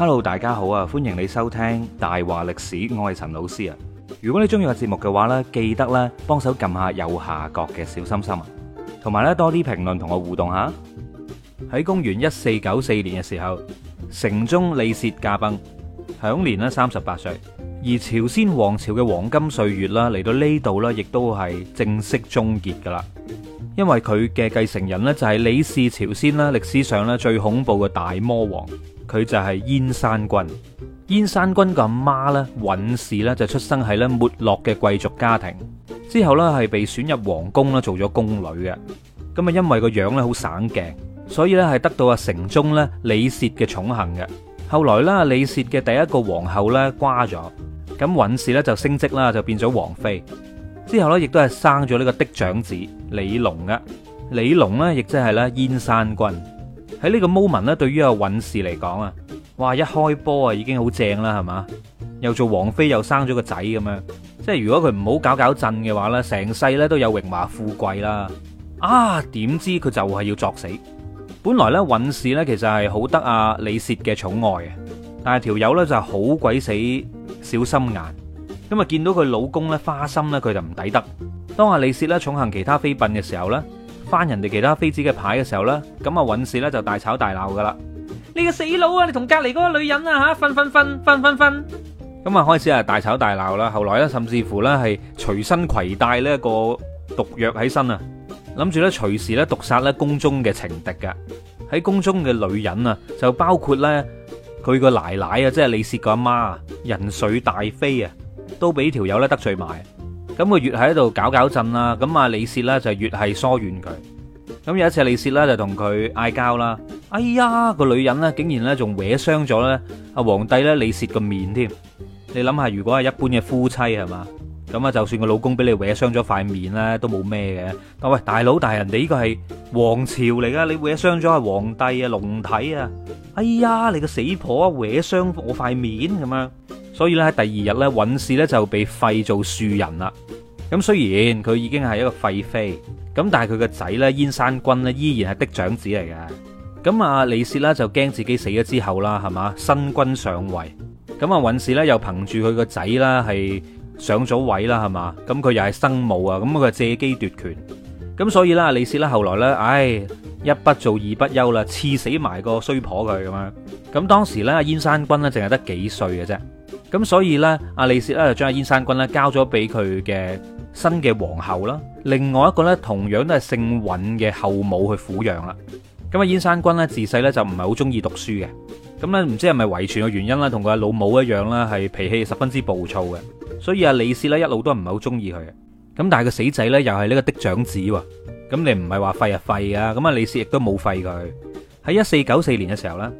Hello，大家好啊！歡迎你收聽大話歷史，我係陳老師啊。如果你中意個節目嘅話呢，記得咧幫手撳下右下角嘅小心心，啊，同埋呢多啲評論同我互動下。喺公元一四九四年嘅時候，成宗李娎駕崩，享年呢三十八歲。而朝鮮王朝嘅黃金歲月啦，嚟到呢度咧，亦都係正式終結噶啦。因為佢嘅繼承人呢，就係李氏朝鮮啦，歷史上咧最恐怖嘅大魔王。佢就係燕山君。燕山君個阿媽呢，尹氏呢就出生喺呢沒落嘅貴族家庭，之後呢係被選入皇宮啦，做咗宮女嘅。咁啊，因為個樣呢好省鏡，所以呢係得到阿成宗呢李洩嘅寵幸嘅。後來呢，李洩嘅第一個皇后呢瓜咗，咁尹氏呢就升職啦，就變咗皇妃。之後呢，亦都係生咗呢個嫡長子李隆嘅。李隆呢，亦即係呢燕山君。喺呢個 moment 咧，對於阿尹氏嚟講啊，哇！一開波啊，已經好正啦，係嘛？又做王妃，又生咗個仔咁樣，即係如果佢唔好搞搞震嘅話，呢成世咧都有榮華富貴啦。啊，點知佢就係要作死。本來呢，尹氏呢其實係好得阿李涉嘅寵愛嘅，但係條友呢就係好鬼死小心眼，因為見到佢老公呢花心呢，佢就唔抵得。當阿李涉呢寵幸其他妃嬪嘅時候呢，翻人哋其他妃子嘅牌嘅時候啦，咁啊，尹氏咧就大吵大鬧噶啦。你個死佬啊！你同隔籬嗰個女人啊吓，瞓瞓瞓瞓瞓瞓。咁啊，開始啊大吵大鬧啦。後來咧，甚至乎咧係隨身攜帶呢一個毒藥喺身啊，諗住咧隨時咧毒殺咧宮中嘅情敵嘅。喺宮中嘅女人啊，就包括咧佢個奶奶啊，即係李娎個阿媽啊，仁粹大妃啊，都俾條友咧得罪埋。咁佢越喺度搞搞震啦，咁啊李涉咧就越係疏遠佢。咁有一次李涉咧就同佢嗌交啦。哎呀，個女人呢竟然呢仲搲傷咗呢阿皇帝咧李涉個面添。你諗下，如果係一般嘅夫妻係嘛，咁啊就算個老公俾你搲傷咗塊面咧都冇咩嘅。但喂大佬，大、大人哋呢個係皇朝嚟噶，你搲傷咗係皇帝啊龍體啊。哎呀，你個死婆搲傷我塊面咁樣。所以咧第二日呢，尹氏呢就被廢做庶人啦。咁雖然佢已經係一個廢妃，咁但係佢個仔呢，燕山君呢，依然係嫡長子嚟嘅。咁啊李娎呢，就驚自己死咗之後啦，係嘛，新君上位。咁啊尹氏呢，又憑住佢個仔啦係上咗位啦，係嘛，咁佢又係生母啊，咁佢借機奪權。咁所以呢李娎呢，後來呢，唉、哎、一不做二不休啦，刺死埋個衰婆佢咁樣。咁當時呢燕山君呢，淨係得幾歲嘅啫，咁所以呢，阿李娎呢，就將阿燕山君呢，交咗俾佢嘅，新嘅皇后啦，另外一個咧，同樣都係姓尹嘅後母去撫養啦。咁啊，燕山君咧自細咧就唔係好中意讀書嘅。咁咧唔知係咪遺傳嘅原因啦，同佢老母一樣啦，係脾氣十分之暴躁嘅。所以啊，李娎咧一路都唔係好中意佢。咁但係個死仔咧又係呢個嫡長子喎。咁你唔係話廢就廢啊，咁啊李娎亦都冇廢佢。喺一四九四年嘅時候咧，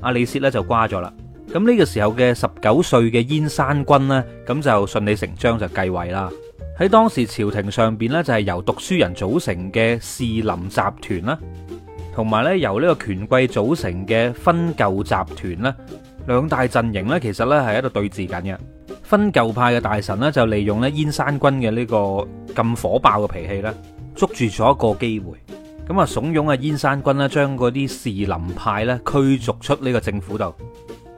阿李娎咧就瓜咗啦。咁呢個時候嘅十九歲嘅燕山君咧，咁就順理成章就繼位啦。喺當時朝廷上邊咧，就係、是、由讀書人組成嘅士林集團啦，同埋咧由呢個權貴組成嘅分舊集團啦，兩大陣營呢，其實呢係喺度對峙緊嘅。分舊派嘅大臣呢，就利用呢燕山君嘅呢個咁火爆嘅脾氣呢，捉住咗一個機會，咁啊慫恿啊燕山君呢將嗰啲士林派呢驅逐出呢個政府度，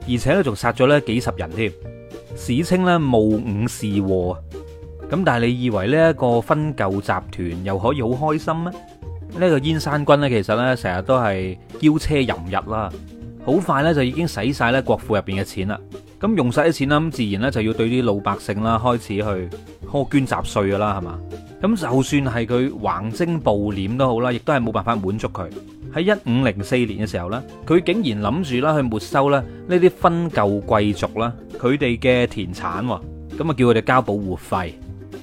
而且呢，仲殺咗呢幾十人添，史稱呢，戊午士禍。咁但係，你以為呢一個分舊集團又可以好開心咩？呢、這個燕山君咧，其實呢成日都係驕奢淫逸啦，好快呢就已經使晒咧國庫入面嘅錢啦。咁用晒啲錢啦，咁自然呢就要對啲老百姓啦開始去苛捐雜稅㗎啦，係嘛？咁就算係佢橫徵暴斂都好啦，亦都係冇辦法滿足佢。喺一五零四年嘅時候呢，佢竟然諗住啦去沒收咧呢啲分舊貴族啦佢哋嘅田產喎，咁啊叫佢哋交保護費。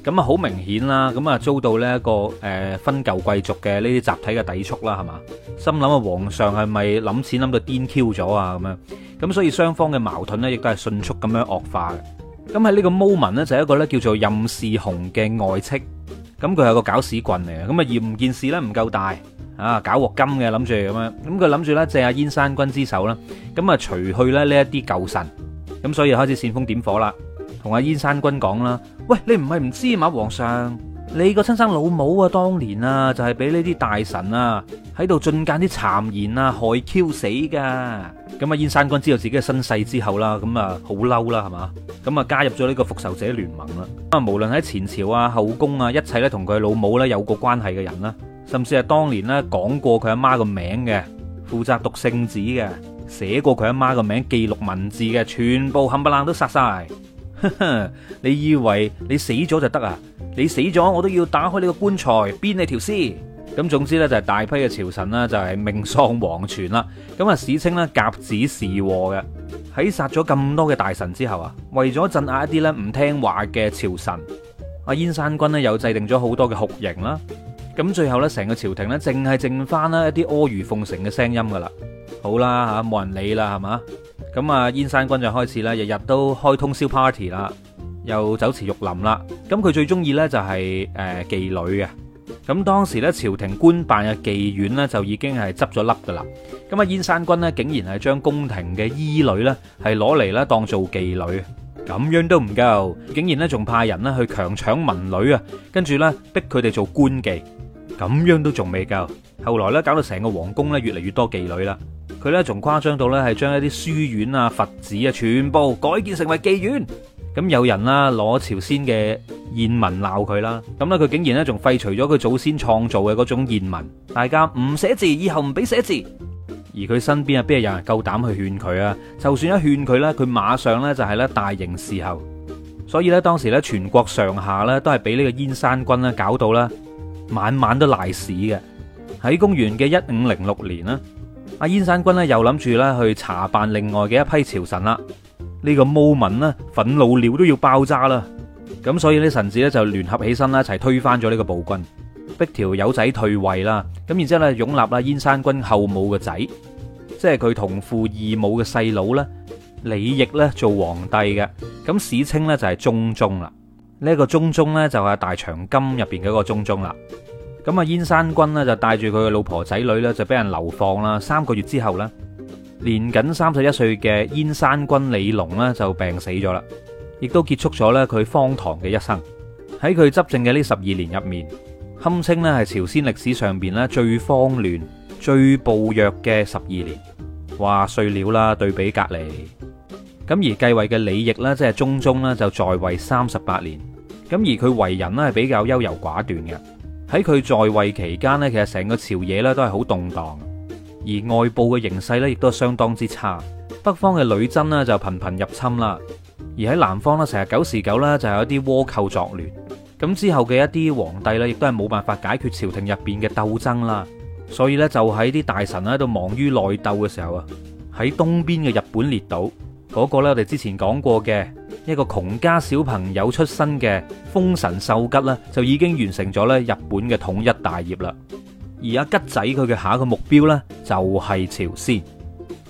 咁啊，好明顯啦，咁啊遭到呢一個誒分舊貴族嘅呢啲集體嘅抵觸啦，係嘛？心諗啊，皇上係咪諗錢諗到癲 Q 咗啊？咁樣咁，所以雙方嘅矛盾呢亦都係迅速咁樣惡化嘅。咁喺呢個 moment 呢，就係一個呢叫做任士雄嘅外戚，咁佢係個搞屎棍嚟嘅，咁啊嫌件事呢唔夠大啊，搞鑊金嘅諗住咁樣，咁佢諗住呢借阿燕山君之手啦，咁啊除去咧呢一啲舊臣，咁所以開始煽風點火啦。同阿燕山君講啦，喂，你唔係唔知嘛？皇上，你個親生老母啊，當年啊就係俾呢啲大臣啊喺度進諫啲讒言啊害 Q 死噶。咁、嗯、阿燕山君知道自己嘅身世之後啦，咁啊好嬲啦，係嘛？咁啊、嗯、加入咗呢個復仇者聯盟啦。咁、嗯、啊，無論喺前朝啊、後宮啊，一切咧同佢老母咧有過關係嘅人啦，甚至係當年咧講過佢阿媽個名嘅，負責讀聖旨嘅，寫過佢阿媽個名記錄文字嘅，全部冚唪冷都殺晒。呵呵，你以為你死咗就得啊？你死咗，我都要打開你個棺材鞭你條屍。咁總之呢，就係大批嘅朝臣呢，就係命喪黃泉啦。咁啊史稱呢，甲子士禍嘅，喺殺咗咁多嘅大臣之後啊，為咗鎮壓一啲呢唔聽話嘅朝臣，阿燕山君呢，又制定咗好多嘅酷刑啦。咁最後呢，成個朝廷呢，淨係剩翻咧一啲阿諛奉承嘅聲音噶啦。好啦吓，冇人理啦，係嘛？咁啊，燕山君就開始啦，日日都開通宵 party 啦，又酒池肉林啦。咁佢最中意呢就係、是、誒、呃、妓女啊。咁當時呢，朝廷官辦嘅妓院呢，就已經係執咗笠噶啦。咁啊燕山君呢，竟然係將宮廷嘅醫女呢，係攞嚟呢當做妓女，咁樣都唔夠，竟然呢，仲派人呢去強搶民女啊，跟住呢，逼佢哋做官妓，咁樣都仲未夠。後來呢，搞到成個皇宮呢，越嚟越多妓女啦。佢咧仲誇張到呢係將一啲書院啊、佛寺啊，全部改建成為妓院。咁有人啦，攞朝鮮嘅諺文鬧佢啦，咁呢，佢竟然呢仲廢除咗佢祖先創造嘅嗰種諺文。大家唔寫字，以後唔俾寫字。而佢身邊啊邊有人夠膽去勸佢啊？就算一勸佢呢，佢馬上呢就係咧大刑伺候。所以呢，當時呢全國上下呢都係俾呢個燕山君呢搞到咧晚晚都賴屎嘅。喺公元嘅一五零六年呢。阿燕山君咧又諗住咧去查辦另外嘅一批朝臣啦，呢、這個毛民啦，憤怒了都要爆炸啦，咁所以呢臣子咧就聯合起身啦一齊推翻咗呢個暴君，逼條友仔退位啦，咁然之後咧擁立啦燕山君後母嘅仔，即係佢同父異母嘅細佬咧，李懌咧做皇帝嘅，咁史稱咧就係中宗啦，呢、這、一個中宗咧就係大長今入邊嘅一個中宗啦。咁啊，燕山君呢，就帶住佢嘅老婆仔女咧，就俾人流放啦。三個月之後呢，年僅三十一歲嘅燕山君李隆呢，就病死咗啦，亦都結束咗咧佢荒唐嘅一生。喺佢執政嘅呢十二年入面，堪稱咧係朝鮮歷史上邊咧最慌亂、最暴虐嘅十二年。話碎料啦，對比隔籬。咁而繼位嘅李翼呢，即係中宗呢，就在位三十八年。咁而佢為人呢，係比較優柔寡斷嘅。喺佢在位期間呢，其實成個朝野咧都係好動盪，而外部嘅形勢咧亦都相當之差。北方嘅女真呢，就頻頻入侵啦，而喺南方呢，成日九時九呢就有一啲倭寇作亂。咁之後嘅一啲皇帝呢，亦都係冇辦法解決朝廷入邊嘅鬥爭啦，所以呢，就喺啲大臣喺度忙於內鬥嘅時候啊，喺東邊嘅日本列島嗰個咧，我哋之前講過嘅。一個窮家小朋友出身嘅豐臣秀吉啦，就已經完成咗咧日本嘅統一大業啦。而阿吉仔佢嘅下一個目標呢，就係朝鮮。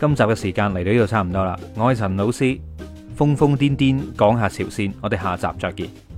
今集嘅時間嚟到呢度差唔多啦。我係陳老師，瘋瘋癲癲講下朝鮮，我哋下集再見。